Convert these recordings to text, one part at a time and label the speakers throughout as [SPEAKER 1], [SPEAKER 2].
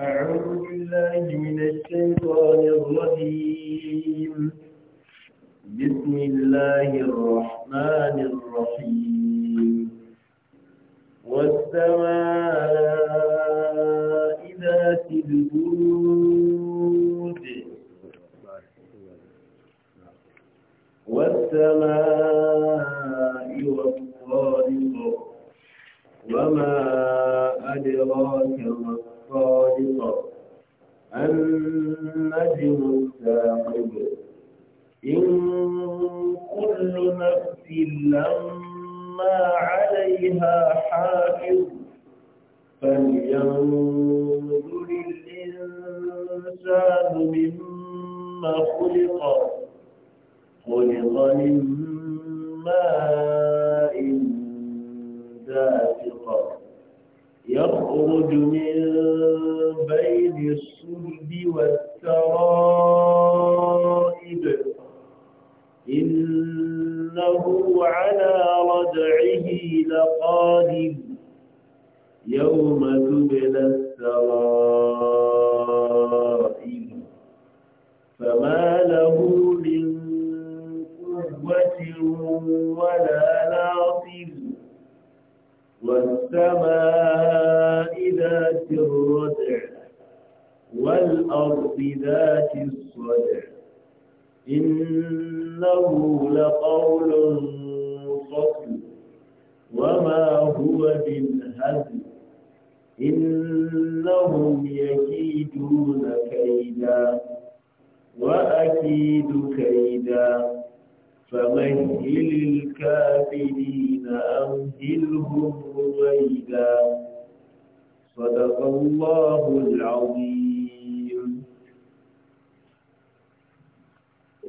[SPEAKER 1] أعوذ بالله من الشيطان الرجيم بسم الله الرحمن الرحيم والسماء ذات البرود والسماء والطارق وما أدراك النجم الثاقب إن كل نفس لما عليها حافظ فلينظر الإنسان مما خلق خلق من ماء دافق
[SPEAKER 2] يخرج
[SPEAKER 1] من بين السجن والسرائب إنه على رجعه لقادم يوم تبلى السرائب
[SPEAKER 2] فما
[SPEAKER 1] له من قوة ولا ناصر والسماء ذات الرجع والأرض ذات الصدع إنه لقول فصل وما هو بالهزل إنهم يكيدون كيدا وأكيد كيدا فمهل الكافرين أمهلهم رويدا صدق الله العظيم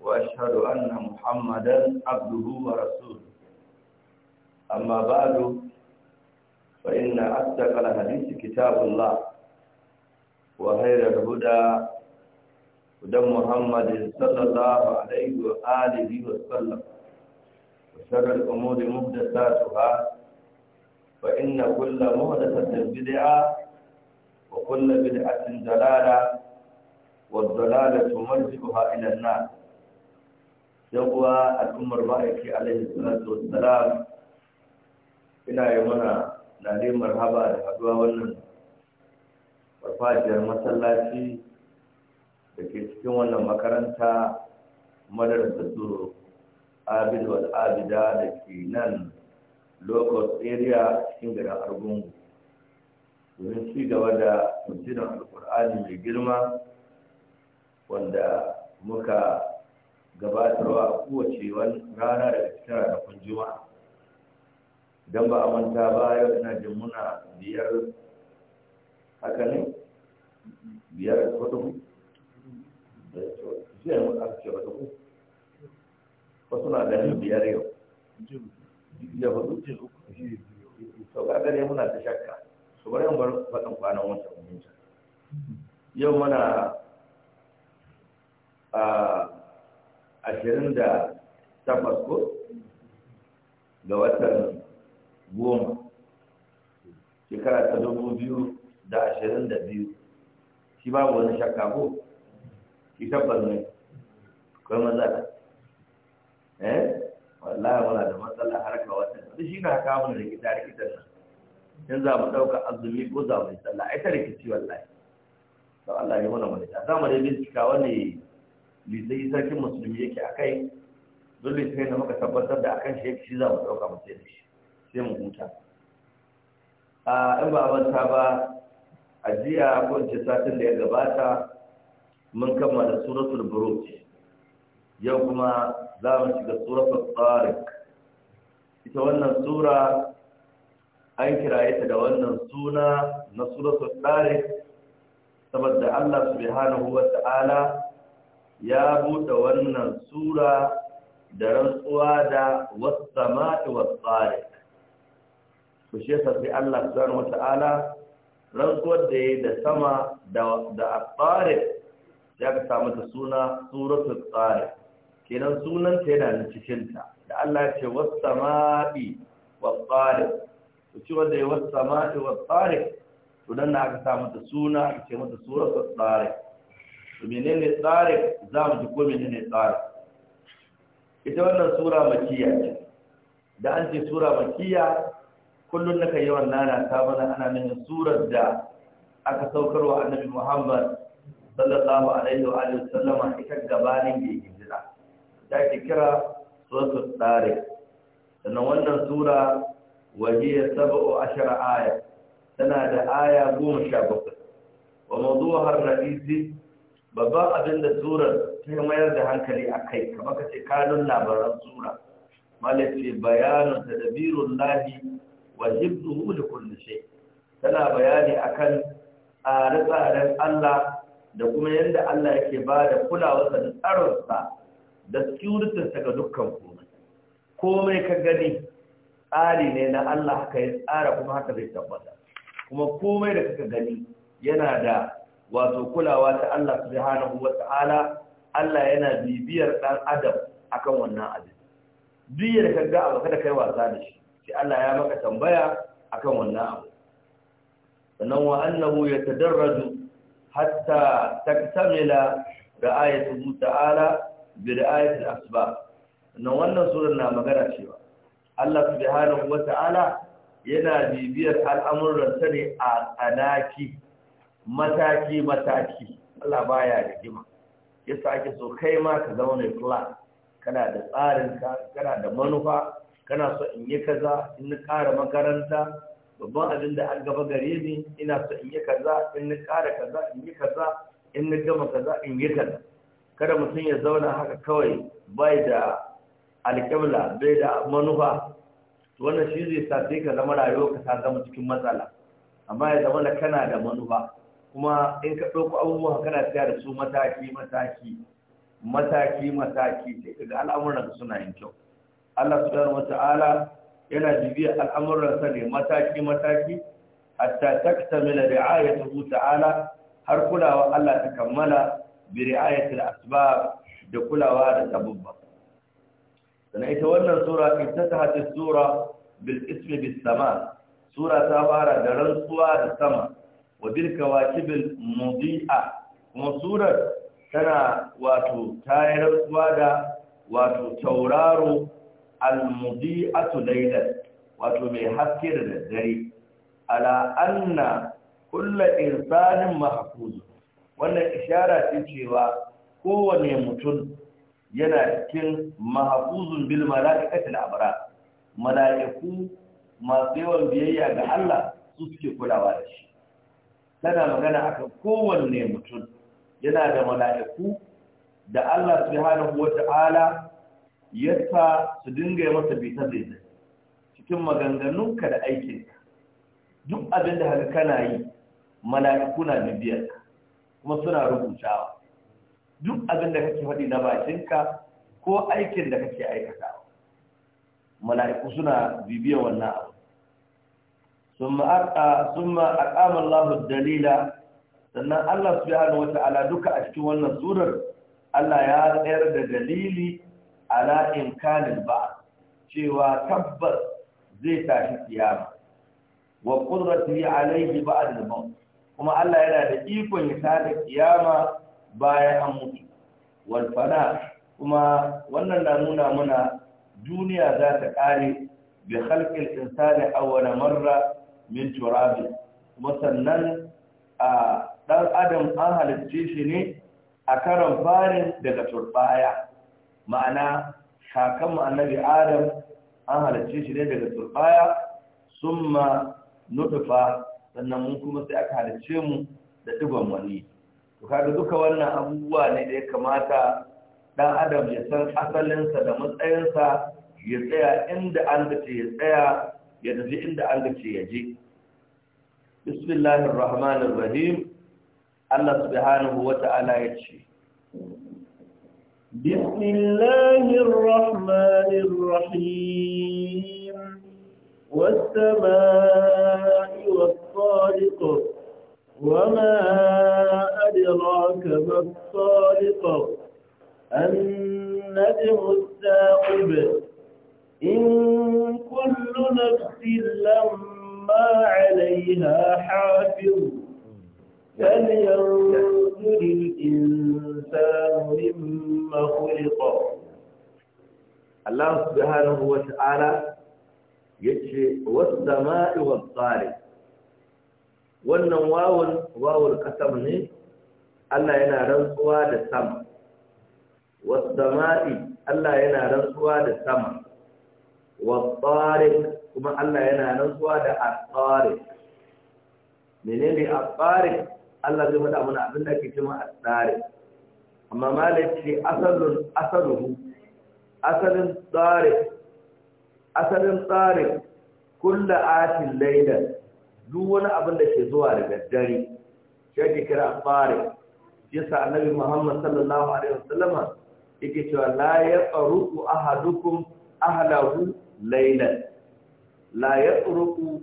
[SPEAKER 2] وأشهد أن محمدا عبده ورسوله أما بعد فإن أصدق الحديث كتاب الله وخير الهدى هدى محمد صلى الله عليه وآله وسلم وشر الأمور محدثاتها فإن كل محدثة بدعة وكل بدعة ضلالة والضلالة مرجعها إلى النار yan uwa al'ummar ma'aiki alayhi salatu wassalam ina yi mana na neman haba da haduwa wannan farfajiyar masallaci da ke cikin wannan makaranta madar da su abid wal abida da ke nan locust area cikin garin argungu domin ci gaba da mutunan alkur'ani mai girma wanda muka gabatarwa a kowace wani rana fitara da ranakun juma'a idan ba a manta ba yau ina jin muna biyar haka ne biyar hudu da jiya yi aka ce hudu wasu na ganin biyar yau ya hudu sau kaga ne muna ta shakka su bari yin bar faɗin kwanan wancan umarci yau muna a ah, ashirin da takwas ko ga watan goma shekara ta dubu biyu da ashirin da biyu shi babu wani shakka ko shi tabbas ne kawai maza eh wallahi muna da matsala har ka watan duk shi ka kawo mun rikita rikitar nan in za mu ɗauka azumi ko za mu yi sallah ai ta rikici wallahi to Allah ya mana mu da za mu dai bincika wani bisai sarkin musulmi yake a kai dole sai na muka tabbatar da akan shi yake shi za mu ɗauka mu sai da shi sai mu huta a in ba ta ba a jiya ko in satin da ya gabata mun kammala suratul buruj yau kuma za mu shiga suratul tsarik ita wannan sura an kiraye ta da wannan suna na suratul tsarik saboda Allah subhanahu wa ta'ala ya buɗe wannan sura da rantsuwa da wasamati wasari ku shi yasa sai Allah subhanahu wata'ala rantsuwar da yayi da sama da da asari ya ka samu ta suna suratul tsari kenan sunan ta yana nan cikin da Allah ya ce wasamati wasari ku ci wanda ya wasamati wasari to dan aka samu ta suna aka ce mata suratul tsari menene tsare za mu ji ko menene tsare ita wannan sura makiya ce da an ce sura makiya kullun naka yawan nana ta bana ana nuna surar da aka saukarwa annabi Muhammad sallallahu alaihi wa alihi sallama ita gabanin da yake jira da ke kira suratul tsare sannan wannan sura wajiyar saba'o ashara aya tana da aya goma sha bakwai wa mazuwa har ra'isi babban abin da surar ta mayar da hankali a kai kamar ka ce kanun labaran sura malafi da dabirun lahi wa jibdu da tana bayani akan tsare-tsaren Allah da kuma yadda Allah yake ba da kulawarsa da tsaronsa da ga dukkan komai komai ka gani tsari ne na Allah haka ya tsara kuma haka zai tabbata kuma komai da kaka gani yana da wato kulawa ta Allah subhanahu wata'ala Allah yana bibiyar dan adam akan wannan abin duk yadda ka ga abu kada kai wasa da shi sai Allah ya maka tambaya akan wannan abu sannan wa annahu yatadarraju hatta taktamila ra'ayatu ta'ala bi ra'ayati al-asbab sannan wannan surar na magana cewa Allah subhanahu wata'ala yana bibiyar al'amuran sa ne a tsanaki mataki mataki Allah baya jima ya sake so kai ma ka zama mai plan kana da tsarin ka kana da manufa kana so in yi kaza in ni kara makaranta babban abin da an gaba gare ni ina so in yi kaza in ni kara kaza in yi kaza in ni gama kaza in yi kaza kada mutum ya zauna haka kawai bai da alƙibla bai da manufa wannan shi zai sa sai ka zama rayuwa ka ta zama cikin matsala amma ya zama kana da manufa kuma in ka ɗauko abubuwan kana tafiya da su mataki mataki mataki mataki sai kaga al'amuran suna yin kyau Allah subhanahu wata'ala yana bibiya al'amuran sa ne mataki mataki hatta taktamila ri'ayatuhu ta'ala har kulawa Allah ta kammala bi al asbab da kulawa da sabubba sana ita wannan sura ta as-sura bil ismi bis sama sura ta fara da rantsuwa da sama wa kawakibil mudi'a kuma surar tana wato tayar da wato tauraro al-mudi'atu laylan wato mai haske da daddare ala anna kulla insanin mahfuz wannan ishara ce cewa kowane mutum yana cikin mahfuzun bil mala'ikatil abra mala'iku masu yawan biyayya ga Allah su suke kulawa da shi tana magana akan kowanne mutum yana da mala'iku da Allah Huwa Ta'ala ya sa su dinga yi masa bita da cikin maganganunka da aikinka duk abin da haka kana yi mala'iku na bibiyarka kuma suna rubutawa duk abin da kake faɗi na bakinka ko aikin da kake aikatawa mala'iku suna bibiyar wannan abu ثم أقام ثم أقام dalila sannan Allah subhanahu ala duka a cikin wannan surar Allah ya tsayar da dalili ala imkanin ba cewa tabbas zai tashi kiyama wa qudratihi alayhi ba'd al-maut kuma Allah yana da ikon ya tada kiyama bayan an mutu wal fana kuma wannan na nuna mana duniya za ta kare bi khalqil insani awwala marra min turabi kuma sannan a dan adam an halicce shi ne a karan farin daga turbaya ma'ana kakan annabi adam an halicce shi ne daga turbaya summa nutufa sannan mun kuma sai aka halicce mu da digon wani to kaga duka wannan abubuwa ne da ya kamata ɗan adam ya san asalinsa da matsayinsa ya tsaya inda an dace ya tsaya ya tafi inda an ce ya je bismillahir rahmanir rahim Allah subhanahu wata'ala ya ce
[SPEAKER 1] bismillahir rahmanir rahim was-samaa'i was-saaliq wama adraka mas-saaliq an-najmu as-saaqib in كل نفس لما عليها حافظ فلينظر الإنسان مما خلق الله سبحانه
[SPEAKER 2] وتعالى yace was-sama'i was-sari wannan wawun wawul qasam ne Allah yana rantsuwa da sama wasu zama'i Allah yana rantsuwa da sama wa kuma Allah yana rantsuwa da at-tsarik menene at-tsarik Allah zai faɗa mana abin da ake cewa at-tsarik amma malaki asalun asaluhu asalin tsarik asalin tsarik kulla atin laila duk wani abin da ke zuwa daga dare shi ake kira tsarik yasa annabi Muhammad sallallahu alaihi wasallama yake cewa la yaqruqu ahadukum ahlahu lailan la ya tsuruku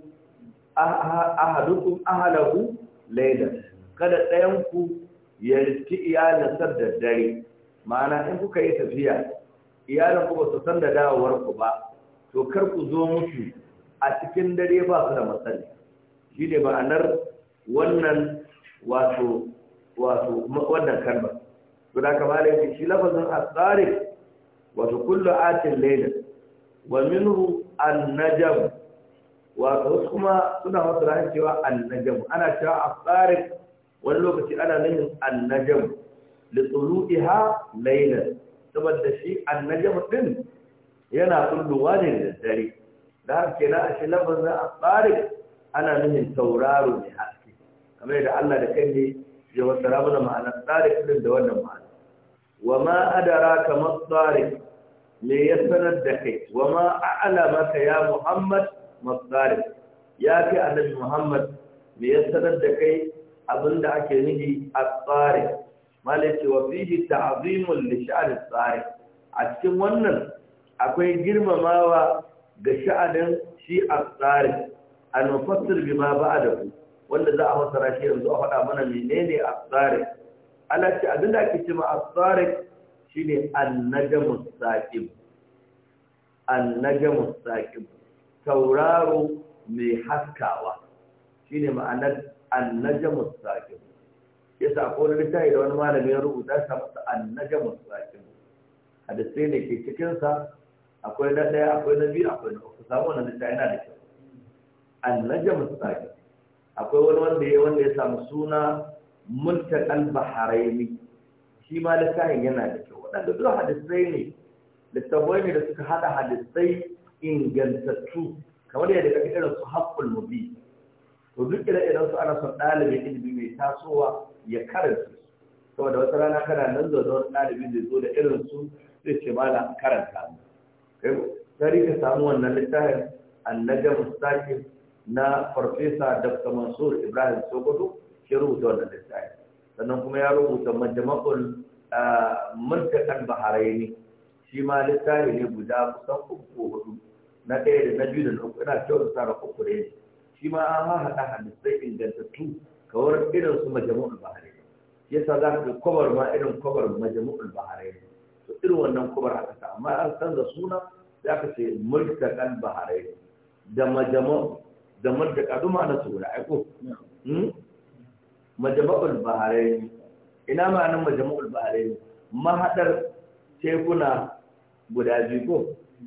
[SPEAKER 2] ahadukun ahalahu lailan kada ɗayanku ya riski iyalinsa da dare ma'ana in kuka yi tafiya iyalinku ba su san da dawowarku ba to kar ku zo mutu a cikin dare ba su da matsali shi ne ma'anar wannan wato wato wannan kamar yake shi lafazin asari wato kullu atin laylan wa minhu annajam wato wasu kuma suna masu rahin cewa annajam ana cewa a tsarin wani lokaci ana nufin annajam litsulu'iha lailan saboda shi annajam din yana kulluwa ne da daddare da har kenan a shi lafazin a tsarin ana nufin tauraro ne haske kamar yadda Allah da kai ne ya wasara mana ma'anar tsarik din da wannan ma'ana wa ma adara kamar tsarin me ya sanar da kai wa ma maka ya Muhammad masdar ya fi annabi Muhammad me ya sanar da kai abinda ake nufi a tsari. malai ce wa fihi ta'zimul li sha'ni tsari a cikin wannan akwai girmamawa ga sha'anin shi as-sari al-mufassir bima ku. wanda za a fassara shi yanzu a faɗa mana menene a sari alaki ce abinda ake cewa a tsari. shine annajmu saqib annajmu saqib tauraro mai haskawa shine ma'anar annajmu saqib yasa ko wani littafi da wani malami ya rubuta sa masa annajmu saqib hadisai ne ke cikin sa akwai na daya akwai na biyu akwai na uku samu wannan littafi yana da kyau annajmu saqib akwai wani wanda ya wanda ya samu suna mulkan al-baharaini shi ma littafin yana da waɗanda duk hadisai ne littattafai ne da suka hada hadisai ingantattu kamar yadda kake irin su haƙƙul mubi to duk ire iren su ana son ɗalibin ilimi mai tasowa ya karanta saboda wata rana kana nan zuwa da wani ɗalibi zai zo da irin su zai ce mala karanta mu kai sai ka samu wannan littafin annaga mustaki na farfesa dr mansur ibrahim sokoto shi rubuta wannan littafin
[SPEAKER 1] sannan kuma ya rubuta majma'ul
[SPEAKER 2] mulkakan baharaini shi ma littafi ne guda kusan uku ko hudu na ɗaya da na biyu da na uku ina kyau da tsara uku ne shi ma an haɗa hadisai ingantattu kawar irin su majamu'ul baharaini yasa za ka kwabar ma irin kwabar majamu'ul baharaini to irin wannan kwabar aka sa amma an canza suna za ka ce mulkakan baharaini da majamu da mulkaka duma na su guda aiko hmm? majamu'ul baharaini ina ma'anin majmu'ul bahrain mahadar tekuna guda biyu ko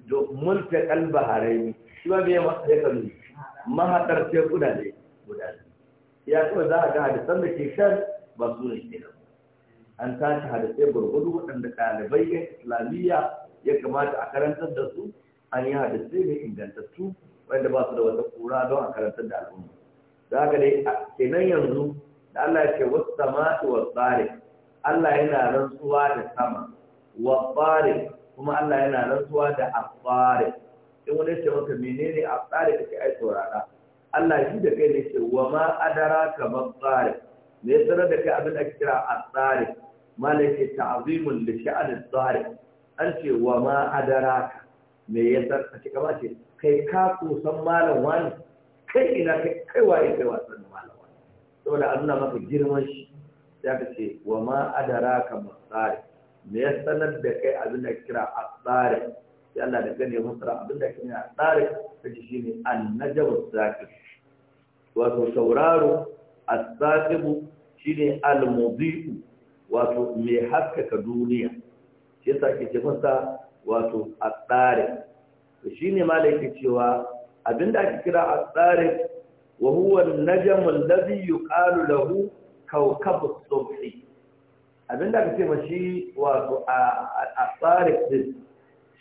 [SPEAKER 2] to al bahrain shi ba me sai kalu mahadar tekuna ne guda biyu ya so za a ga hadisan da ke ba su ne ke an tashi hadisai gurgudu waɗanda ɗalibai ne islamiyya ya kamata a karantar da su an yi hadisai ne ingantattu wanda ba su da wata kura don a karantar da al'umma za ka dai kenan yanzu Allah ke ce wasu samatu wa Allah yana rantsuwa da sama wa kuma Allah yana rantsuwa da afari in wani ce maka menene afari kake ai saurara Allah shi da kai ne ce wa ma adara ka ma tsari me yasa da kai abin da kira afari malai ce ta'zimul li sha'anil tsari an ce wa ma adara ka me yasa kace kama ce kai ka kusan malam wani kai ina kai kai waye kai wasan malam saboda a nuna maka girman shi ya ka ce wa ma adara ka masari me ya sanar da kai abin da kira asari sai Allah da gane masara abin da kira asari ta ji shi ne annajabu saki wato sauraro asakibu shi ne almudi'u wato mai haskaka duniya shi yasa ke ce masa wato a to shi malai malaka cewa abin da ake kira a tsare. وهو النجم الذي يقال له كوكب lahu abinda aka ce mashi wato a tsarik din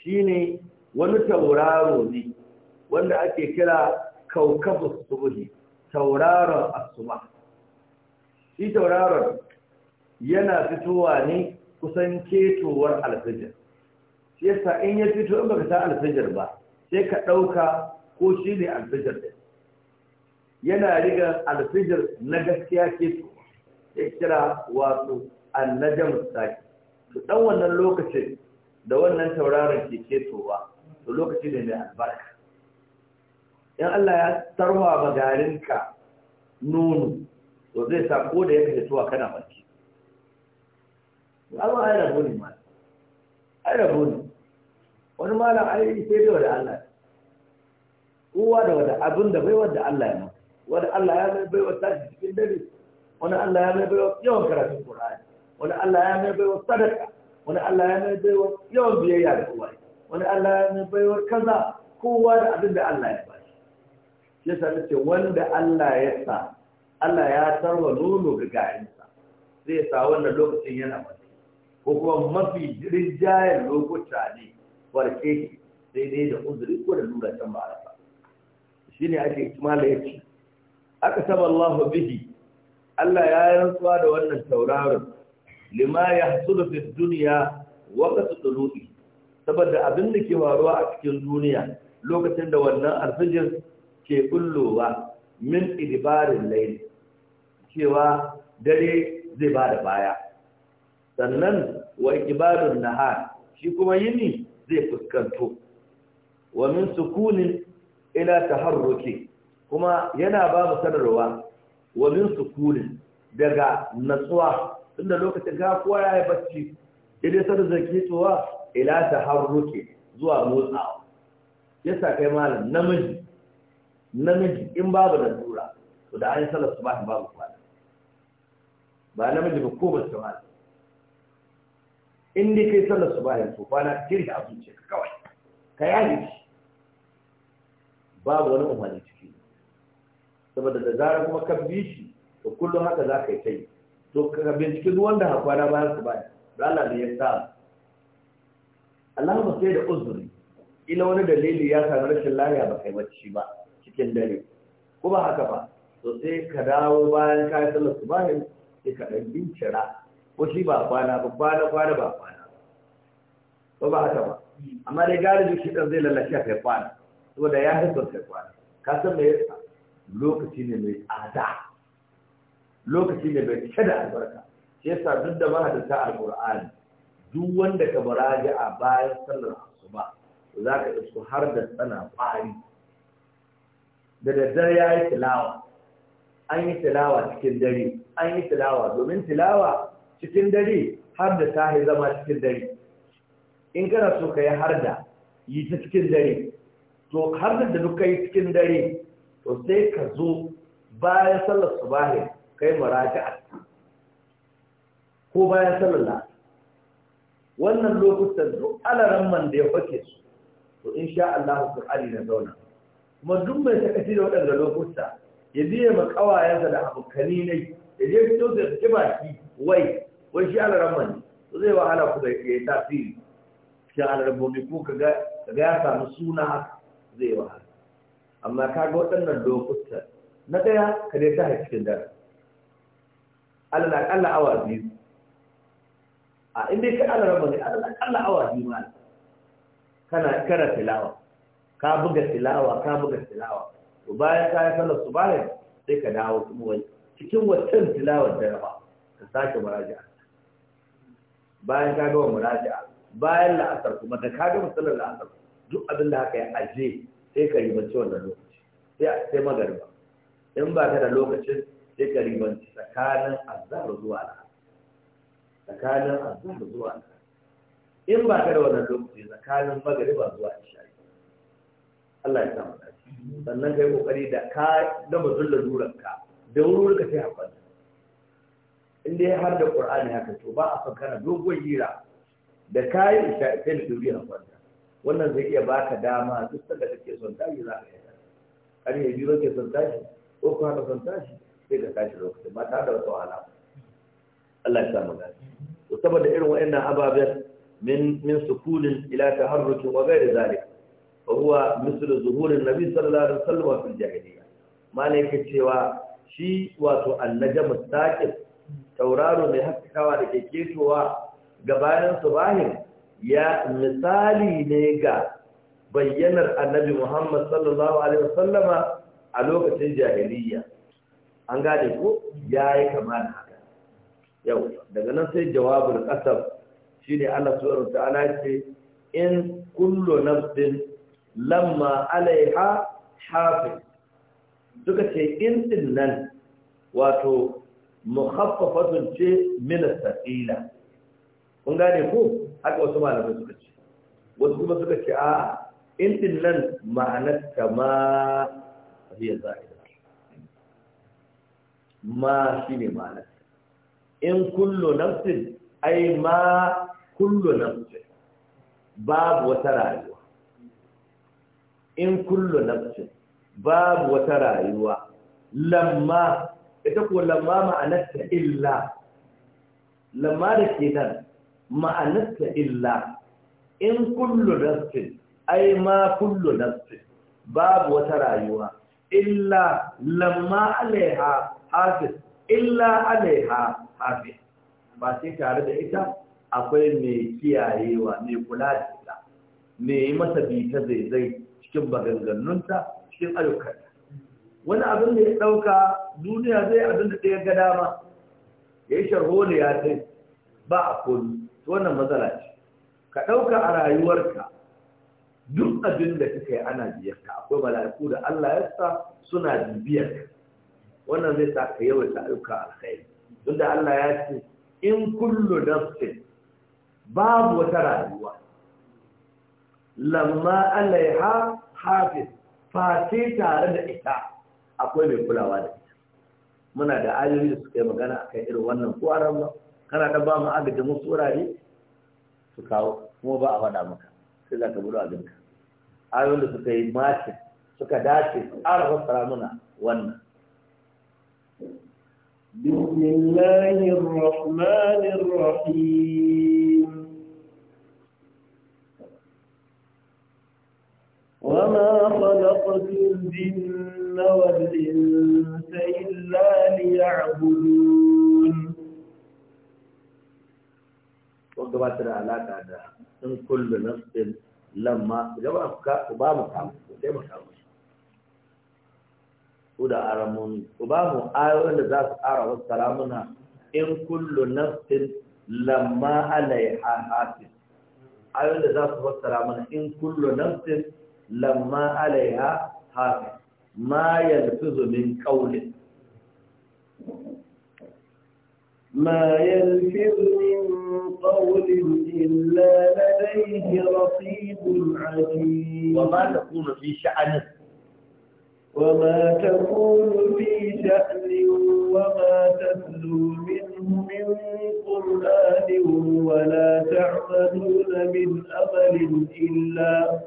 [SPEAKER 2] shine wani tauraro ne wanda ake kira kaukabu as tauraron as shi tauraron yana fitowa ne kusan ketowar alfijir shi yasa in ya fito in baka sa alfijir ba sai ka ɗauka ko shi ne alfijir ɗin yana riga alfijir na gaskiya ke ya kira wato annajam saki to dan wannan lokacin da wannan tauraron ke ketowa to lokaci ne mai albarka in Allah ya tarwa magarinka nono to zai sa ko da yake tuwa kana barci Allah ya rabu ne ma ai rabu ne wani malam ai sai da Allah kowa da wanda abin da bai wanda Allah ya masa wani Allah ya mai baiwa tashi cikin dare wani Allah ya mai baiwa yawan karatun Qur'ani wani Allah ya mai baiwa sadaka wani Allah ya mai baiwa yawan biyayya da kowa wani Allah ya mai baiwa kaza kowa da abin da Allah ya bashi shi yasa nace wanda Allah ya sa Allah ya tarwa nono ga gayansa sai ya sa wannan lokacin yana mace ko kuma mafi rinjayen lokuta ne warke sai dai da uzuri ko da lura can ba a shi ne ake kimala ya ce aka saba Allah bihi Allah ya rantsuwa da wannan tauraron lima yahsulu fi duniya waqt tulu'i saboda abin da ke faruwa a cikin duniya lokacin da wannan alfijir ke bullowa min idbarin layl cewa dare zai ba da baya sannan wa ikibarun nahar shi kuma yini zai fuskanto wa min sukunin ila taharruki kuma yana ba mu sanarwa wa min sukunin daga natsuwa tunda lokacin ga kowa ya yi bacci idan sanar da ke tsowa ila ta harruke zuwa motsawa ya sa kai malam namiji namiji in babu nasura to da an yi salar su ba babu kwana ba namiji ba ko ba su kwana in dai kai salar su ba ya to kwana kiri da abinci ka kawai ka yaji babu wani umarni ciki saboda da zarar kuma ka bi shi to kullum haka za ka yi ta yi to ka binciki duk wanda hakwana bayan su baya da Allah ne ya sa Allah ba sai da uzuri ila wani dalili ya sami rashin lafiya ba kai bacci ba cikin dare ko ba haka ba to sai ka dawo bayan ka yi sallar su bayan sai ka ɗan bincira ko shi ba kwana ba kwana kwana ba kwana ko ba haka ba amma dai galibi shi dan zai lalace kai kwana saboda ya haifar kai kwana ka san me yasa lokaci ne mai tsada lokaci ne mai cike da albarka shi yasa duk da ta alqur'ani duk wanda ka baraji a bayan sallar asuba za ka isko har da tsana kwari da daddare ya yi tilawa an yi tilawa cikin dare an yi tilawa domin tilawa cikin dare har da ta zama cikin dare in kana so ka yi har da yi ta cikin dare to har da duk yi cikin dare to sai ka zo bayan sallar subahin kai muraja'a ko bayan sallar la wannan lokutan duk alaran man da ya fake su to insha Allah Qur'ani na zauna kuma duk mai sakaci da waɗanda lokuta ya biye ma kawayensa da abokani ne ya je fito da ki baki wai wai shi alaran man to zai wahala ku da ya tasiri shi alaran ne ko kaga kaga ya samu suna haka? zai wahala amma ka ga waɗannan lokuta na ɗaya ka ne ta cikin dare na ƙalla awa biyu a inda ka ala raba ne alal ƙalla awa biyu ma kana kara tilawa ka buga tilawa ka buga tilawa to bayan ka yi sallar bayan sai ka dawo kuma wani cikin waccan tilawar da raba ka sake muraja'a bayan ka gama muraja'a bayan la'asar kuma da ka gama sallar la'asar duk abin da haka ya aje sai ka ribanci wannan lokaci sai magariba in ba ka da lokacin sai ka ribanci tsakanin azhar zuwa al'asar tsakanin azhar zuwa al'asar in ba ka da wannan lokaci tsakanin magariba zuwa isha Allah ya mu dace sannan kai kokari da ka da mutum lalurar ka da wurin ka sai hakan in dai har da Qur'ani haka to ba a son dogon hira da kayan isha sai da duri hakan wannan zai iya baka dama duk sanda kake son tashi za ka yi kare ya biyu kake son tashi ko kuma ka son tashi sai ka tashi lokacin ba tare da wata wahala Allah ya sa mu gani to saboda irin waɗannan ababen min min sukunin ila taharruki wa ghairi zalik fa huwa mislu zuhurin nabi sallallahu alaihi wasallam fil jahiliya malaka cewa shi wato annaja mustaqil tauraro mai hakkawa da ke ketowa gabanin subahin ya misali ne ga bayyanar annabi Muhammad sallallahu alaihi wasallama a lokacin jahiliya an gane ko yayi kama da haka yau daga nan sai jawabul shi shine Allah subhanahu ta'ala ce in kullu nafsin lamma alaiha hafiz duka ce in din nan wato mukhaffafatun ce min as-saqila kun gane ko haka wasu malamai suka ce wasu kuma suka ce a in din nan ma'anar kama hiya za'ida ma shine ma'anar in kullu nafsin ai ma kullu nafsin babu wata rayuwa in kullu nafsin babu wata rayuwa lamma ita ko lamma ma'anarta illa lamma da ke nan ma'anarsa illa in kullu nafsin ai ma kullu nafsin babu wata rayuwa illa lamma alaiha hafiz illa alaiha hafiz ba sai tare da ita akwai mai kiyayewa mai kula da ita mai masa bita zaizai cikin maganganunta cikin ayyukanta wani abin da ya ɗauka duniya zai abin da ɗaya ga dama ya yi ya sai ba a komi to wannan matsala ce ka ɗauka a rayuwarka duk abin da kika yi ana biyarka akwai mala'iku da Allah ya sa suna ka wannan zai sa ka yawaita ayyuka alkhairi duk da Allah ya ce in kullu nafsin babu wata rayuwa lamma alaiha hafiz face tare da ita akwai mai kulawa da ita muna da ayoyi da suka yi magana akan irin wannan ko aran ba kana da ba mu agaje musu wurare su kawo kuma ba a faɗa maka sai za ka buru abinka ayoyin da suka yi mace suka dace ƙara fassara mana wannan
[SPEAKER 1] بسم الله الرحمن الرحيم وما خلقت الجن والإنس إلا ليعبدون
[SPEAKER 2] wanda ba ta da alaka da in kullu nafsin lamma idan ba ka ku ba mu kamu ku sai mu kamu ku da aramun ku ba mu ayoyin da za su ƙara wasu kalamuna in kullu nafsin lamma alaiha hafi. ayoyin da za su fassara mana in kullu nafsin lamma alaiha hafi. ma yalfizu min qawlin
[SPEAKER 1] ما يلفظ عليه رقيب عتيد وما تكون في شأن وما تكون في شأن وما تتلو منه من قرآن ولا تعملون من أمل إلا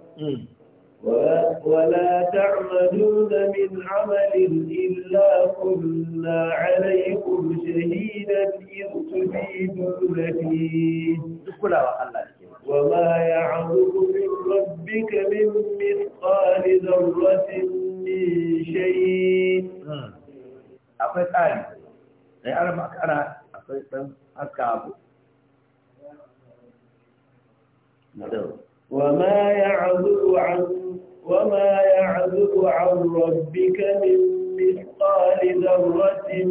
[SPEAKER 1] ولا تعملون من عمل إلا كنا عليكم شهيدا إذ تفيدون فيه. وما يعظم من ربك من مثقال ذرة من شيء akwai tsari
[SPEAKER 2] da ya arama kara akwai ɗan haska abu وما
[SPEAKER 1] يعذب عن وما يعذب عن ربك من مثقال ذرة من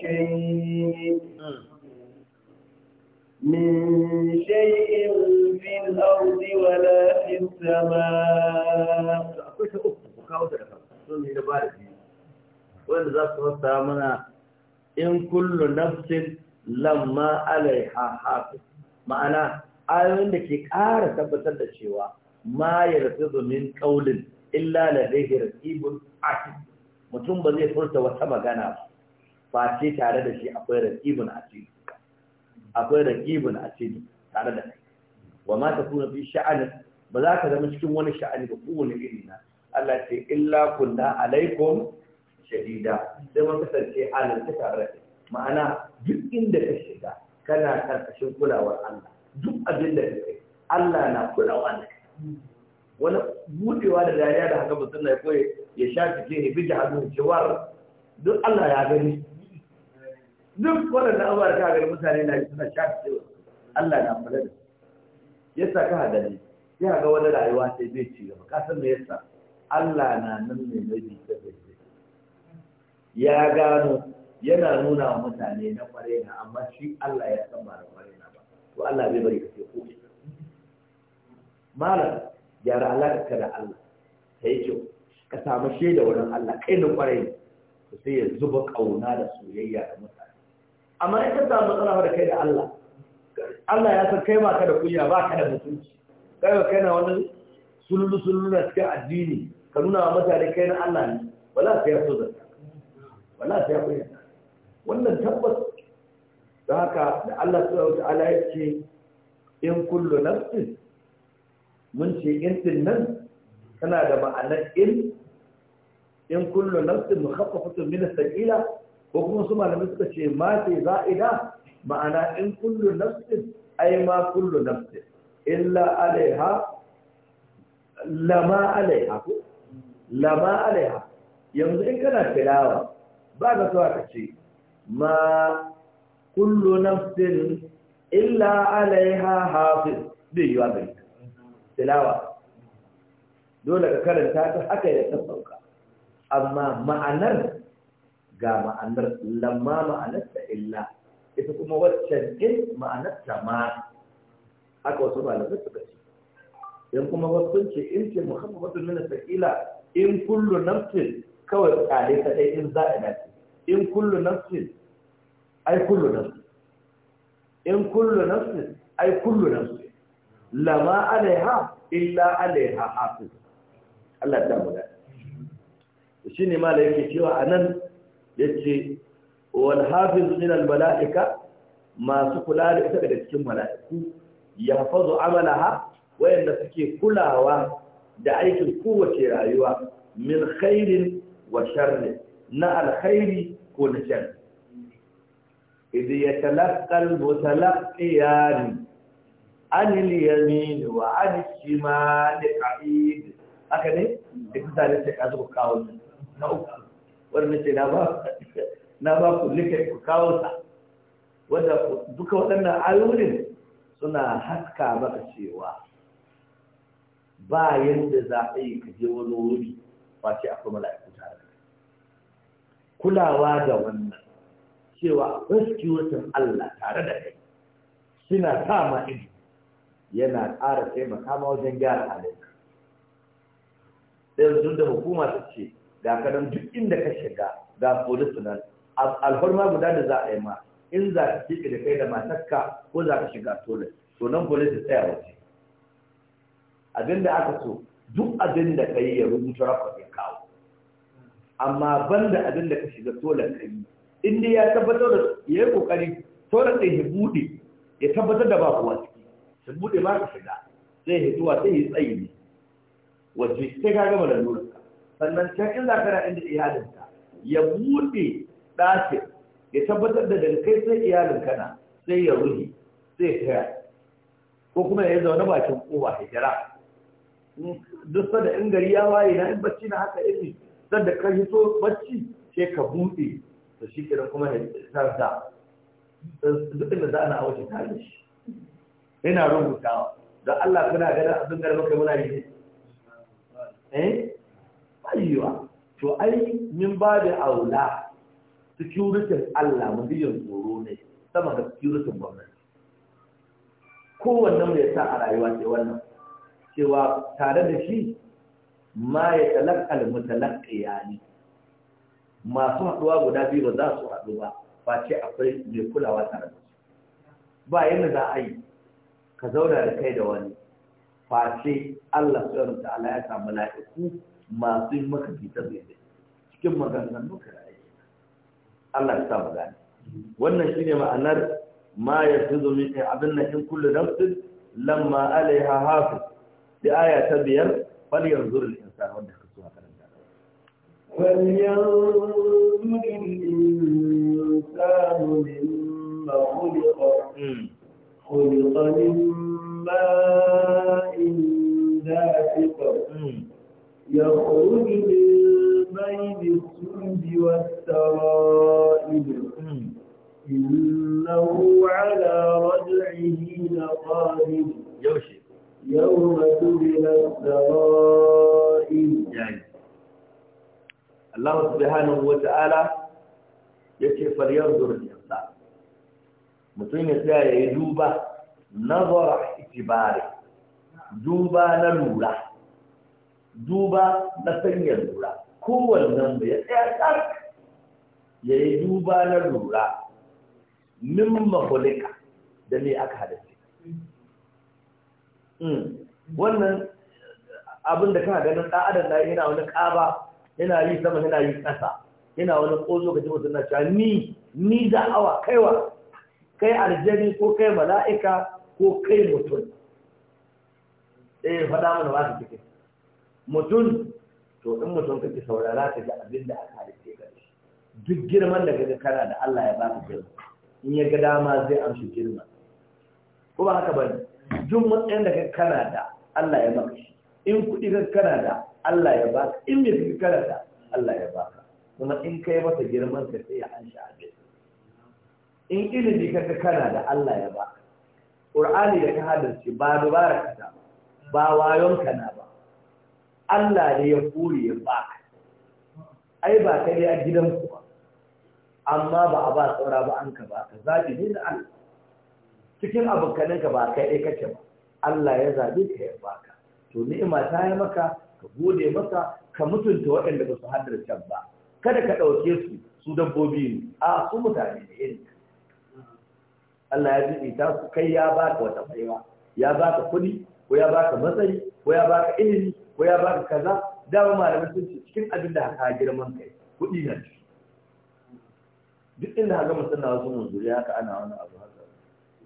[SPEAKER 1] شيء من شيء في الأرض ولا في السماء wanda za su wasa
[SPEAKER 2] mana in kullu nafsin lamma alaiha hafi ma'ana da ke ƙara tabbatar da cewa ma ya rasu domin ƙaulin illa da zai rasibun mutum ba zai furta wata magana ba face tare da shi akwai rasibun ati akwai raqibun asiri tare da kai wa ma takuna fi sha'ani ba za ka zama cikin wani sha'ani ba ko wani iri na Allah ce illa kunna alaikum shadida sai mun kasance alanta tare da ma'ana duk inda ka shiga kana karkashin kulawar Allah duk abin da kai Allah na kulawa da kai wani budewa da dariya da haka mutum na koyi ya sha fice ya bi jihadun cewar duk Allah ya gani duk waɗanda abuwa da kaga mutane na yi suna shafi cewa Allah na kula da Ya sa ka haɗa ne sai ga wani rayuwa sai bai ci gaba ka san me yasa Allah na nan ne mai bi ta bai ya gano yana nuna wa mutane na kware na amma shi Allah ya san ba da kware na ba to Allah bai bari ka ce ko malam gyara alaƙa ka da Allah ta yi kyau ka samu shaida wurin Allah kai da kware ne sai ya zuba ƙauna da soyayya da mutane amma in ka samu matsala da kai da Allah Allah ya san kai ba ka da kunya ba ka da mutunci kai ba kai na wani sululu sululu na cikin addini ka nuna wa mutane kai na Allah ne wala sai ya so zaka wala sai ya kunya wannan tabbas da haka da Allah subhanahu wataala ya ce in kullu nafsin mun ce in din nan tana da ma'anar in in kullu nafsin mukhaffafatun min as-saqila ko kuma su malamai suka ce ma sai za'ida ma'ana in kullu nafsi ai ma kullu nafsi illa alaiha lama alaiha ko lama alaiha yanzu in kana filawa ba ka so ka ce ma kullu nafsi illa alaiha hafiz bai yawa gari tilawa dole ka karanta ta haka ya ta amma ma'anar ga ma'anar lamma ma'anarta illa ita kuma waccan in ma'anarta ma haka wasu malamai suka ce in kuma wasu ce in ce muhammadu min sakila in kullu nafsin kawai kare dai in za a dace in kullu nafsin ai kullu nafsin in kullu nafsin ai kullu nafsin lama alaiha illa alaiha hafiz Allah ta mu da shi ne malai yake cewa anan yace wal hafiz min al malaika masu kula da ita daga cikin mala'iku yahfazu amalaha wayanda suke kulawa da aikin kowace rayuwa min khairin wa sharri na alkhairi ko na sharri idan ya talaqqal mutalaqqiyan an al-yamin wa an al-shimal qa'id aka ne da kusa da take azuka kawo na uku wannan ce na ba ku lika ku kawo sa wanda duka waɗannan alurin suna haska maka cewa ba yanda za a yi ka wani wuri ba ce a kuma mala'iku tare da kulawa da wannan cewa akwai Allah tare da kai suna sa ma ido yana ƙara taimaka ma wajen gyara halinka yanzu da hukuma ta ce ga kadan duk inda ka shiga ga police nan alhurma guda da za a yi ma in za ka kike da kai da matarka ko za ka shiga tole to nan police tsaya waje abinda aka so duk abin da kai ya rubuta rafa ya kawo amma banda abin da ka shiga tole kai in ya tabbatar da ya yi kokari tole sai ya bude ya tabbatar da ba kuwa. ciki ya bude ba ka shiga sai ya hituwa sai ya tsayi ne waje sai ka gama da nuna sannan can in za ka na inda iyalinka ya buɗe ɗakin ya tabbatar da daga kai sai iyalin kana sai ya ruhi sai ya kaya ko kuma ya zaune bakin kowa ya jira duk sada in gari ya waye na in bacci na haka irin da ka hito bacci sai ka buɗe to shi kenan kuma ya sarsa duk inda za a na wuce yi shi ina rubutawa don Allah kuna ganin abin garba kai muna yi eh ayyuwa to ai min ba da aula security Allah ji tsoro ne sama da securitin gwamnati kowannen mai sa a rayuwa ce wannan cewa tare da shi ma ya talakal mutalaqiyani masu haɗuwa guda biyu ba za su haɗu ba ba ce akwai mai kulawa tare da ba yadda za a yi ka zauna da kai da wani face Allah subhanahu ta ta'ala ya samu la'iku masu yi maka fita zai cikin maganganun ka aiki Allah ya sa gani gane wannan shine ma'anar ma ya fi zumi kai abin na in kullu nafsin lamma ha hafi da aya ta biyar fal yanzur da insan wanda ka suwa karanta
[SPEAKER 1] fal yanzur al insan mimma khuliqa hmm. in يخرج من بين السند والترائب إنه على رجعه لقادر يوم تبلى السرائب يعني
[SPEAKER 2] Allah subhanahu wa
[SPEAKER 1] ta'ala
[SPEAKER 2] ya ce faryar zurfiyarsa mutum ya tsaya ya yi duba nazara itibari duba na lura duba na sanya lura kowannen mu ya tsaya tsar ya yi duba na lura min makulika da me aka halitta hmm. wannan abin da kana ganin ɗan adam na yana wani ƙaba yana yi sama yana yi ƙasa yana wani ƙozo ka ji mutum na cewa ni ni da awa kaiwa kai aljani ko kai mala'ika ko kai mutum eh faɗa mana ba su cikin mutum to in mutum kake saurara ka ga abin da aka halitta ka shi duk girman da kaga kana da Allah ya baka girma in ya ga dama zai amshi girma ko ba haka bane duk matsayin da kaga kana da Allah ya maka shi in kuɗi kaga kana da Allah ya baka in me kaga kana da Allah ya baka kuma in kai masa girman ka sai ya amshi abin in ilimi kaga kana da Allah ya baka Qur'ani da ka halarci ba dubara ka ba wayon kana ba Allah ne ya kore ya ka. ai ba kai a gidan ku ba amma ba a ba saura ba an ka ba ka zaɓi ne da Allah cikin abokaninka ba kai ɗaya kake ba Allah ya zaɓi ka ya ba ka. to ni'ima ta yi maka ka gode maka ka mutunta waɗanda ba su haddar can ba kada ka ɗauke su su dabbobi ne a su mutane ne irin Allah ya ji ta su kai ya ba baka wata baiwa ya ba ka kuɗi ko ya ba ka matsayi ko ya ba ka ilimi ko ya baka kaza dama malamai sun ce cikin abin da haka girman kai kuɗi na ci duk inda haka musamman wasu munzuri haka ana wani abu haka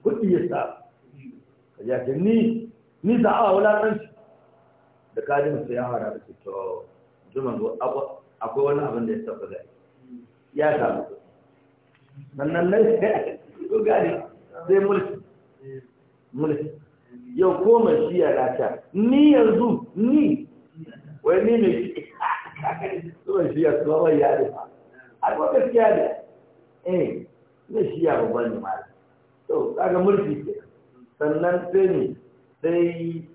[SPEAKER 2] kuɗi ya sa ka ya ce ni ni za a shi da ji musu ya fara da to zuman akwai wani abin da ya tafi da ya samu nan nan nan ko gane sai mulki mulki yau ko mashiya na ta ni yanzu ni wai ni mai shi su mashiya su ba ya da ba a kuma gaskiya da eh mashiya ba ba ne ma to kaga mulki ke sannan sai ne sai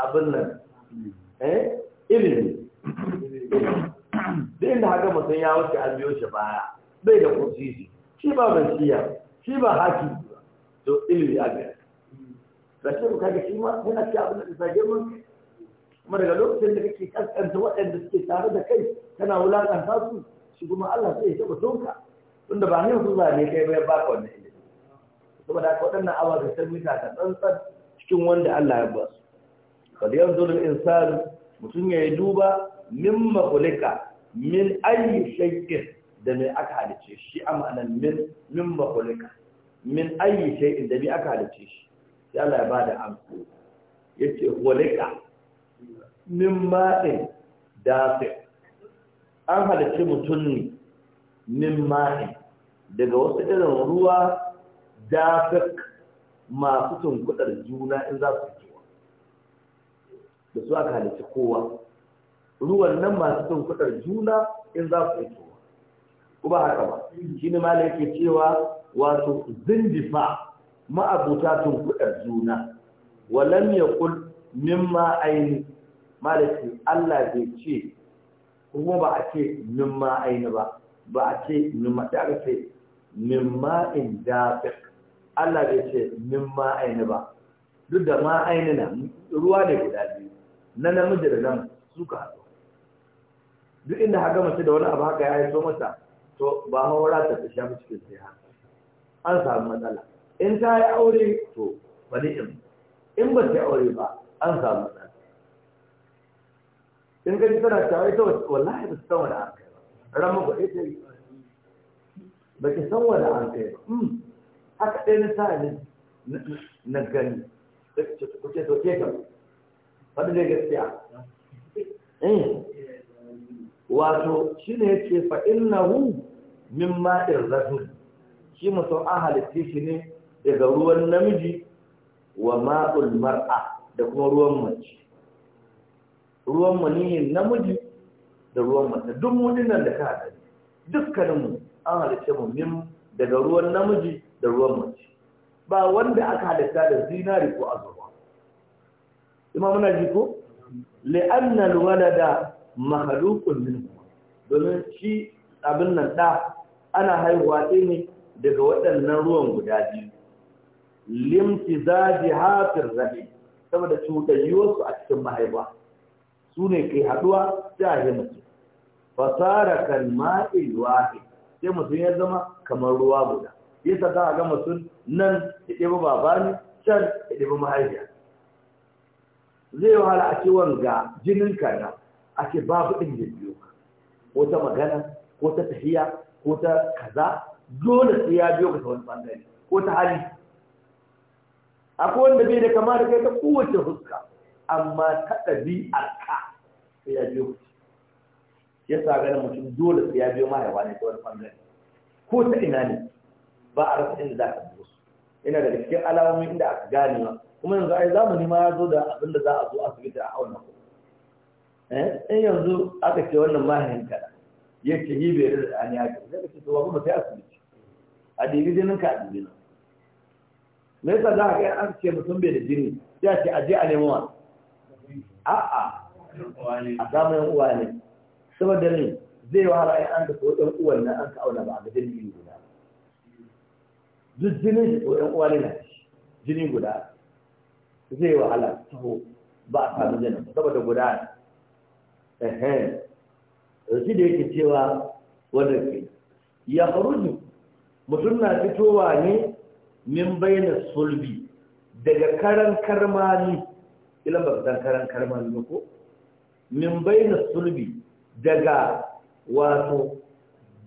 [SPEAKER 2] abin nan eh ilimi da inda haka mutum ya wuce an biyo shi baya bai da kusisi shi ba mashiya shi ba haki to ilimi a gari zakiru kage shi ma yana ci abin da isa girman kuma daga lokacin da kake kaskanta waɗanda suke tare da kai kana wulakan su shi kuma Allah zai ya taɓa tonka tunda ba ne su zane kai ba ya baka wannan ilimi saboda haka waɗannan awa da san mita ka tsantsan cikin wanda Allah ya ba su kada yanzu da insan mutum ya yi duba min makulika min ayi shay'in da mai aka halice shi a ma'anar min min makulika min ayi shay'in da mai aka halice shi ya Allah ya ba da amsa ya ce min ma'in dafi an halarci mutum ne min ma'in daga wasu irin ruwa dafik masu tunkudar juna in za su fitowa da su aka halarci kowa ruwan nan masu tunkudar juna in za su fitowa kuma haka ba shi ne ma yake cewa wato zindifa ma'abuta tunkuɗar juna walam ya kul mimma aini malaki Allah bai ce kuma ba a ce mimma aini ba ba a ce mimma da aka ce mimma in dafiq Allah bai ce mimma aini ba duk da ma aini na ruwa ne guda biyu na namiji da nan suka haɗu duk inda haka mace da wani abu haka ya yi so mata to ba haura ta ta shafi cikin sai an samu matsala in ta yi aure to wani in in ba ta yi aure ba an samu ɗan in gaji tana tare ta wallahi ba su san wani an kai ba rama ba ita yi ba ki san wani an kai ba hmm. haka ɗaya na sa ne na gani kuce to ke kan faɗi ne gaskiya eh. wato shi ne ya ce fa'in na hu min ma'in rajul shi mutum an halitta shi ne daga ruwan namiji wa ma'ul mar'a da kuma ruwan mace ruwan maniyi namiji da ruwan mace duk nan da ka haɗa dukkaninmu an halitta mu min daga ruwan namiji da ruwan mace ba wanda aka halitta da zinari ko azurwa imam na ji ko la'anna alwalada makhluqun min domin shi abin nan da ana haihuwa ne daga waɗannan ruwan guda biyu limtizaji hafin rabi saboda su a cikin mahaifa su ne kai haduwa sai a yi mutum fasara kan ma'il wahi sai mutum ya zama kamar ruwa guda yasa za a ga mutum nan ya ɗiba babani can ya ɗiba mahaifiya zai wahala a ciwon wanga jinin kana a ce babu ɗin da biyu ko ta magana ko ta tahiya, ko ta kaza dole sai ya biyo ka ta wani bangare ko ta hali akwai wanda bai da kama da kai ta kowace huska amma ta a ka sai ya biyo ya sa ganin mutum dole sai ya biyo mahaifa ne ta wani ɓangare ko ta ina ne ba a rasa inda za ka biyo su yana da cikin alamomi inda aka gane ma kuma yanzu ai zamani ma ya zo da abin da za a zo asibiti a auna ku eh, in yanzu aka ce wannan mahaifin ka ya ce yi bai da ɗani ya ce zai ka ce to ba kuma sai asibiti a ɗibi jinin ka a ɗibi nan me yasa za a ga an ce mutum bai da jini sai a ce a je a nemo wa a'a a samu yan uwa ne saboda ne zai wahala ai an ka so yan uwan nan an ka auna ba a ga jini guda duk jini shi ko ɗan uwa ne na jini guda zai wahala taho ba a samu jini saboda guda ehem shi da yake cewa wanda ke ya faruji mutum na fitowa ne min bayyana sulbi daga karan karmani ilan ba san karan karmani ba ko min bayyana sulbi daga wato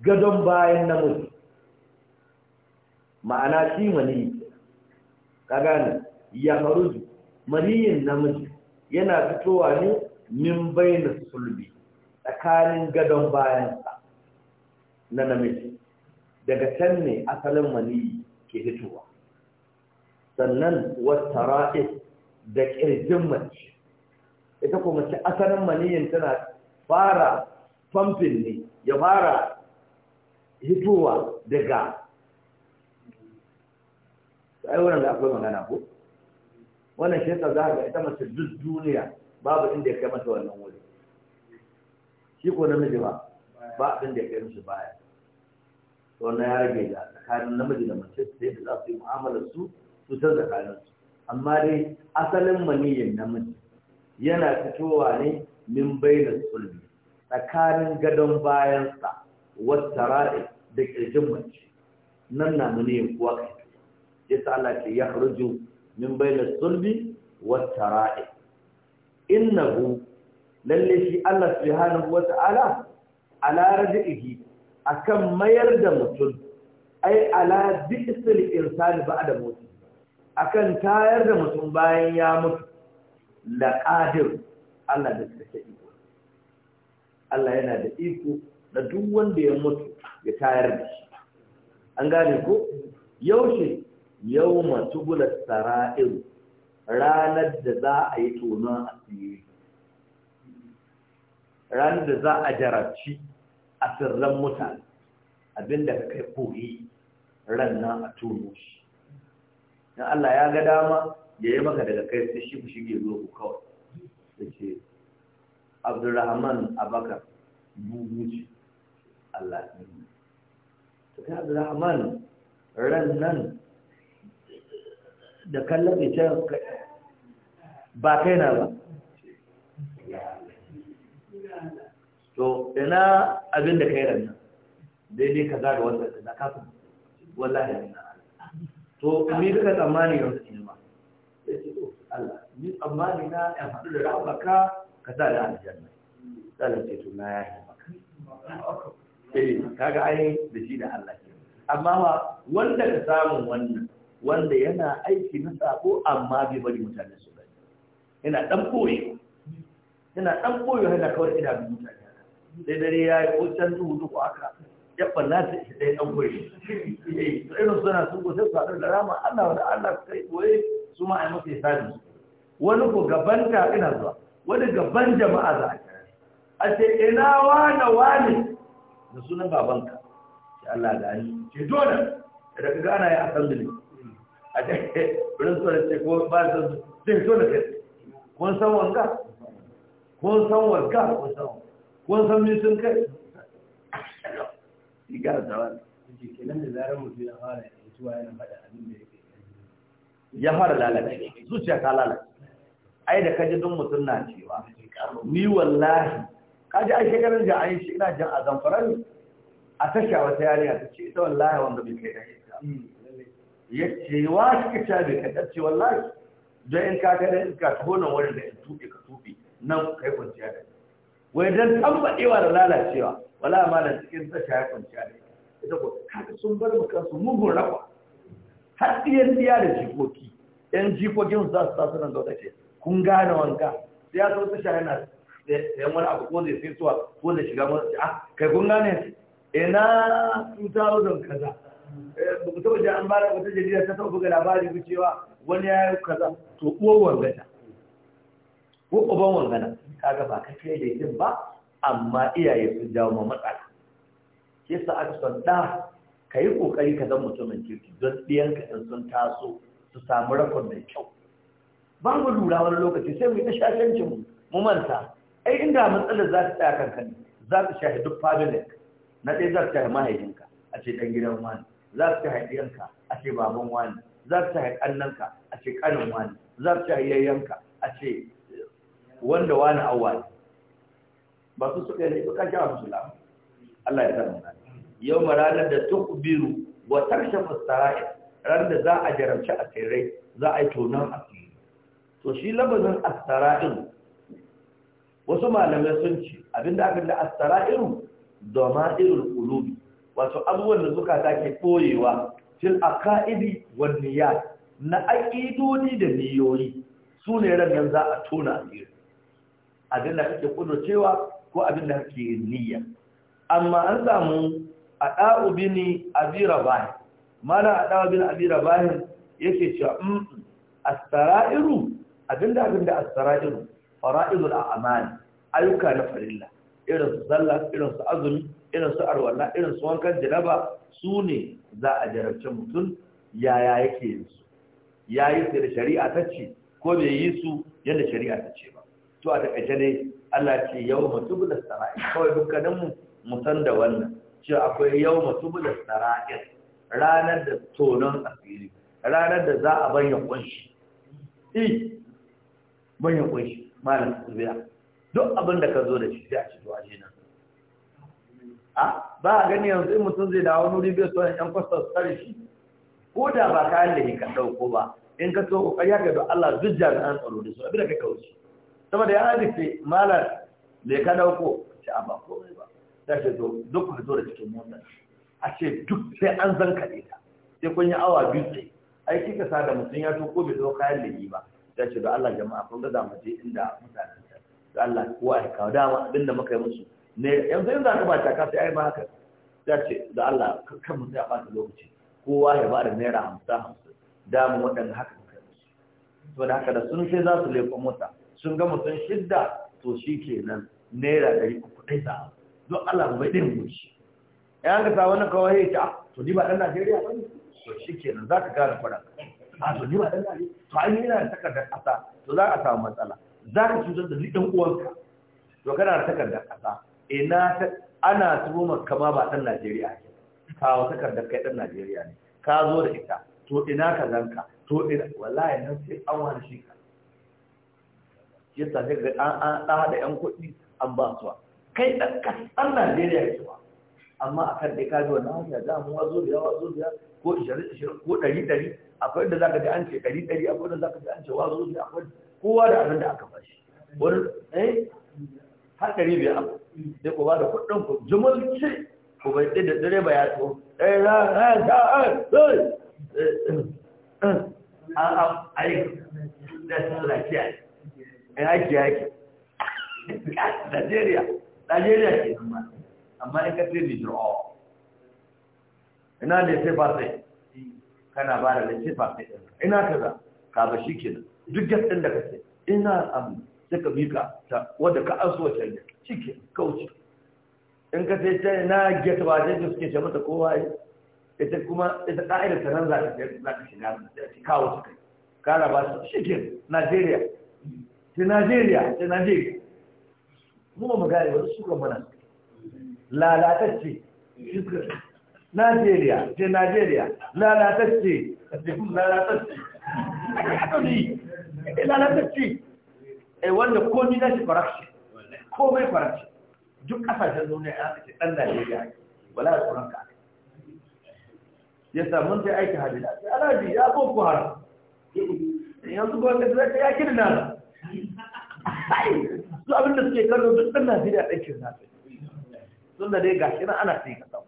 [SPEAKER 2] gadon bayan namiji ma'ana shi maniyi ka gane ya faruji maniyin namiji yana fitowa ne min bayyana sulbi tsakanin gadon bayansa na namiji daga can ne asalin maniyi ke fitowa sannan wata ra'is da ƙirjin mace ita kuma ce asalin maniyin tana fara famfin ne ya fara hitowa daga sai wurin da akwai magana ko wannan shi ta za ita mace duk duniya babu inda ya kai mata wannan wuri shi ko namiji ba ba inda da ya kai mata baya to na ya rage da tsakanin namiji da mace sai da za su yi mu'amalar su fitar su amma dai asalin maniyin namiji yana fitowa ne min baina sulbi tsakanin gadon bayansa wata ra'i da kirjin mace nan na maniyin kuwa kai ya sa Allah ke ya harju min baina sulbi wata ra'i innahu lalle shi Allah subhanahu wata'ala ala rajihi akan mayar da mutum ai ala bi'sil insani ba'da mutum akan tayar da mutum bayan ya mutu da qadir Allah da take iko Allah yana da iko da duk wanda ya mutu ya tayar da shi an gane ko yaushe yawma tubula sara'il ranar da za a yi tonon asiri ranar da za a jarabci asirran mutane abinda ka kai koyi rannan a tono shi na Allah ya ga dama ya yi maka daga kai sai shi ku shige zo ku kawai da ce abdurrahman abakar bugu ce Allah ne ta kai abdurrahman ran nan da kallon ita ba kai na ba to ina abin da kai ran nan daidai kaza da wata da kasu wallahi na to ni duka tsammani yau wasu ba sai ce oh, Allah ni tsammani na ya haɗu da rabaka ka sa da aljanna sai ce to na ya yi maka eh kaga ai da shi da Allah ke amma ma wanda ka samu wannan wanda yana aiki na sako amma bai bari mutane su gani yana dan koyo yana dan koyo yana kawai ina bi mutane sai dare ya yi ko can duhu duhu aka ya balla ta shi ɗaya ɗan kwaye irin suna sun kusa su haɗar da rama allah wani allah yi ɓoye su ma a yi masa hisabi wani ko gaban ta ina zuwa wani gaban jama'a za a a ce ina wane wane da sunan babanka Ya allah da ga ni ce dole da ka gana ya asambili a ce wurin suna ce ko ba su zai so da kai kun san wanga kun san wanga kun san kun san mutum kai riga da zawali kenan da zarar mutum ya fara zuwa yana faɗa abin da yake
[SPEAKER 1] ya fara lalace
[SPEAKER 2] zuciya ta lalace ai da kaji don mutum na cewa ni wallahi kaji ai shekarar da ai shi ina jin a zamfara a tasha wata yariya ta ce ita wallahi wanda bai kai da hmm. ya ce wa kika ta bai kai ce wallahi don in ka kada in ka tono wurin da in tuɓe ka tuɓe nan kai kwanciya da wai dan tambadewa da lalacewa wala ma da cikin ta ya kwanciya ne ita ko kaga sun bar mu kansu mugun rafa har diyan diya da jikoki yan jikokin za su tasu nan da ce kun gane wanka sai ya zo ta shaye na da wani abu ko zai sai suwa ko zai shiga mu a ah, kai kun gane ina don kaza eh, ba ku taba an bada wata jarida ta taɓa buga labari ku cewa wani ya yi kaza to uwan wangana ko uban wangana kaga ba ka kai yin ba amma iyaye sun jawo ma matsala shi sa aka son da ka yi kokari ka zan mutumin kirki don ɗiyanka in sun taso su samu rakon mai kyau ba mu lura wani lokaci sai mu yi ta shashancin mu manta ai inda matsalar za ta tsaya kanka za ta shahi duk familin na ɗaya za ta shahi mahaifinka a ce ɗan gidan wani za ta shahi ɗiyanka a ce baban wani za ta shahi ƙannanka a ce ƙanin wani za ta shahi yayyanka a ce wanda wani awali ba su suka ne ka kira su la Allah ya san mu yau ranar da tukbiru wa takshafu sarai ran da za a jarabci tsirrai, za a yi tonon asiri to shi labarin asara'in wasu malamai sun ce abinda aka da asara'iru doma irin ulubi. wato abubuwan da suka ke ɓoyewa fil aka'idi wal niyat na aƙidodi da niyoyi su ne ranar za a tona asiri abinda da kake kudurcewa ko abinda da kake niyya amma an samu a bini abira bahin mana a bini abira bahin yake cewa mm, astara'iru abin da abin da astara'iru fara'idul a'mal ayyuka na farilla irin su sallah irin su azumi irin su arwala irin su wankan jaraba, su ne za a jarabce mutum yaya yake yin su ya yi su da shari'a ta ce ko bai yi su yadda shari'a ta ce to a takaice dai Allah ce yau mutubu bula sara'ir kawai dukkaninmu mu san da wannan ce akwai yau mutubu da sara'ir ranar da tonon asiri ranar da za a banya kunshi i banya kunshi malam zubiya duk abin da ka zo da shi sai a ci zuwa nan a ba a gani yanzu in mutum zai dawo nuri bai so yan kwastar tsare shi ko da ba kayan da ka ɗauko ba in ka so ka haka da Allah zujjar an tsaro da su abin da ka wuce. saboda ya hadice malar da ya ka dauko ce a ba komai ba ta ce to duk ku zo da cikin motar a ce duk sai an zan kaɗe ta sai kun yi awa biyu sai. ai kika sa da mutum ya ko bai zo kayan da ba ta ce da Allah jama'a kun ga mu je inda mutanen ta da Allah kowa ya kawo dama da muka yi musu ne yanzu yanzu aka ba ta ka sai ai ma haka ta ce da Allah kan mutum ya ɓata lokaci kowa ya ba da naira hamsin hamsin dama waɗanda haka muka yi musu saboda haka da sun sai za su lefa mota sun ga mutum shidda to shi nan naira ɗari uku ɗai za don Allah bai ɗin guci ya ga sa wani kawai ya ce ah, to ni ba ɗan Najeriya ba to shi nan za ka gane faɗa a ah, to ni ba ɗan Najeriya to an yana da takardar ƙasa to za a samu matsala za ka cutar da ɗan uwanka to kana da takardar ƙasa ina ana tuhumar kama ba ɗan Najeriya ne kawo takardar kai ɗan Najeriya ne ka zo da ita to ina ka zanka to ina wallahi nan sai an wani shi ka shi yasa sai ga an an da yan kuɗi an ba su kai da kasan Najeriya ke ba amma a kan dai kaji na hanya za mu wazo da yawa zo da ko 20 ko 100 100 akwai da zaka ji an ce 100 100 akwai da zaka ji an ce wazo da akwai kowa da abin da aka bashi wani eh har 500 abu sai ko ba da kuɗin ku ce ko bai da dare ba ya to eh za za za a eh a eh, eh. a ai da lafiya ya ake Najeriya Najeriya ke amma amma in ka ce Niger all ina ne sai ba sai kana ba da lace ba sai ina kaza ka ba shi kenan duk gaskiya da ka kace ina abu sai ka mika ta wanda ka an so ta shi ke kauce in ka sai ta na get ba ta suke ce mata kowa yi ita kuma ita ka'idar ta nan za ta shiga za ta kawo ta kai kara ba su shi ke Najeriya ti Najeriya ti Najeriya mu ba magana ba su kan mana lalatacce Najeriya ta Najeriya lalatacce lalatacce lalatacce eh, eh wanda komai na shi farashi komai farashi duk kasashen duniya ya ake dan Najeriya wala ya tsoron ka ya samu sai aiki hadila sai alaji ya boko haram yanzu ka zai ya kirna su abin abinda suke kallo duk ɗan najeriya ɗan shirin nasu sun da dai gashi nan ana sai ka samu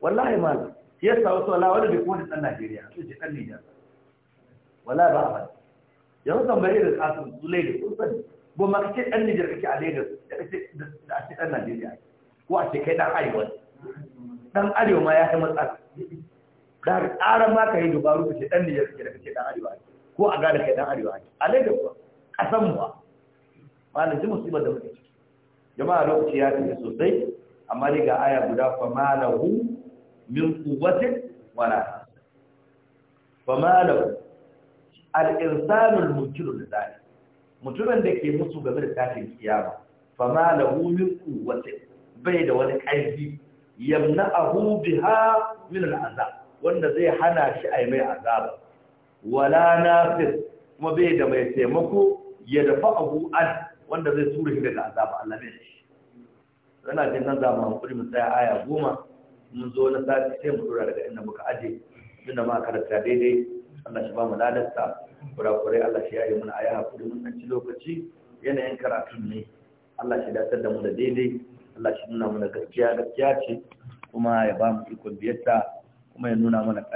[SPEAKER 2] wallahi malam shi ya sa wasu wala wani bai kowane ɗan najeriya su ce ɗan nijar wallahi ba a bada yanzu kan bai da kasu su lagos sun sani ba ma kace ɗan nijar kake a lagos da kace da a ce ɗan najeriya ko a ce kai ɗan arewa ɗan arewa ma ya kai matsala da har ƙarar ma ka yi dubaru kace ɗan nijar kake da kace ɗan arewa ko a gane kai ɗan arewa a lagos ba a san muwa malam ji musibar da muke ciki jama'a lokaci ya tafi sosai amma ni ga aya guda fa malahu min quwwatin wala fa malahu al-insanu al-munkiru lidhalik mutumin da ke musu game da tashin kiyama fa malahu min quwwatin bai da wani ƙarfi yamna'ahu biha min azab, wanda zai hana shi a mai azaba wala nafis kuma bai da mai taimako ya dafa abu an wanda zai tura shi daga azaba Allah ne shi yana jin nan zama hakuri mu tsaya aya goma mun zo na sati sai mu dora daga inda muka aje tunda ma karanta daidai Allah shi ba mu ladarsa kurakurai Allah shi ya yi mana aya hakuri mun san lokaci yanayin karatu ne Allah shi datar da mu da daidai
[SPEAKER 1] Allah shi nuna mana gaskiya gaskiya ce kuma ya ba mu ikon biyarta kuma ya nuna mana